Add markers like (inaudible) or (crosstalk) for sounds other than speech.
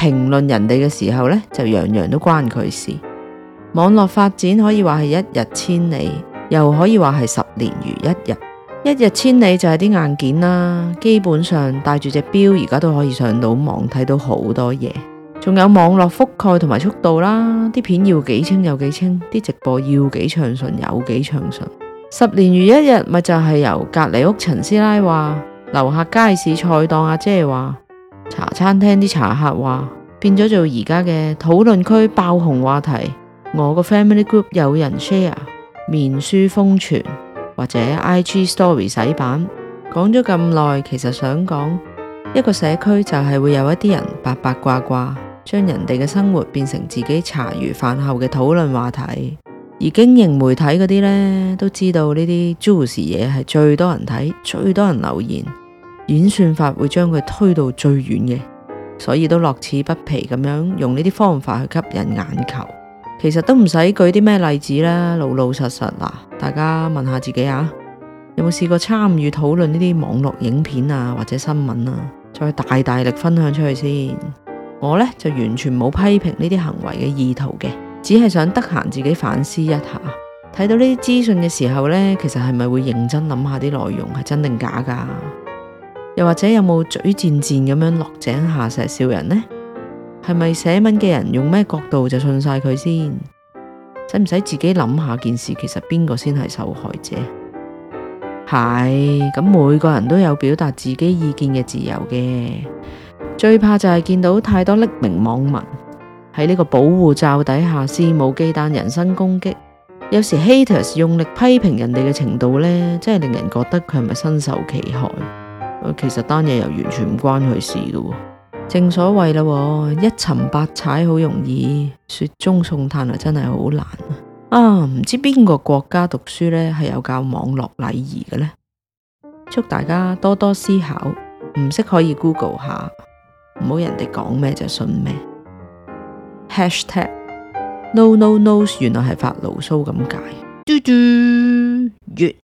評論人哋嘅時候呢，就樣樣都關佢事。網絡發展可以話係一日千里，又可以話係十年如一日。一日千里就係啲硬件啦，基本上戴住隻表而家都可以上到網睇到好多嘢。仲有網絡覆蓋同埋速度啦，啲片要幾清有幾清，啲直播要幾暢順有幾暢順。十年如一日咪就係、是、由隔籬屋陳師奶話，樓下街市菜檔阿、啊、姐話。茶餐廳啲茶客話，變咗做而家嘅討論區爆紅話題。我個 family group 有人 share 面書瘋傳，或者 IG story 洗版。講咗咁耐，其實想講一個社區就係會有一啲人八八卦卦，將人哋嘅生活變成自己茶餘飯後嘅討論話題。而經營媒體嗰啲呢，都知道呢啲 juice 嘢係最多人睇，最多人留言。演算法會將佢推到最遠嘅，所以都樂此不疲咁樣用呢啲方法去吸引眼球。其實都唔使舉啲咩例子啦，老老實實啦，大家問下自己啊，有冇試過參與討論呢啲網絡影片啊或者新聞啊，再大大力分享出去先。我呢，就完全冇批評呢啲行為嘅意圖嘅，只係想得閒自己反思一下，睇到呢啲資訊嘅時候呢，其實係咪會認真諗下啲內容係真定假噶？又或者有冇嘴賤賤咁樣落井下石笑人呢？係咪寫文嘅人用咩角度就信晒佢先？使唔使自己諗下件事？其實邊個先係受害者？係咁，每個人都有表達自己意見嘅自由嘅。最怕就係見到太多匿名網民喺呢個保護罩底下肆無忌憚人身攻擊。有時 haters 用力批評人哋嘅程度呢，真係令人覺得佢係咪身受其害？其實單嘢又完全唔關佢事嘅喎，正所謂啦，一沉百踩好容易，雪中送炭真係好難啊！唔知邊個國家讀書咧係有教網絡禮儀嘅咧？祝大家多多思考，唔識可以 Google 下，唔好人哋講咩就信咩。#hashtag No No Nose，原來係發牢騷咁解。嘟嘟月。 (noise) yeah.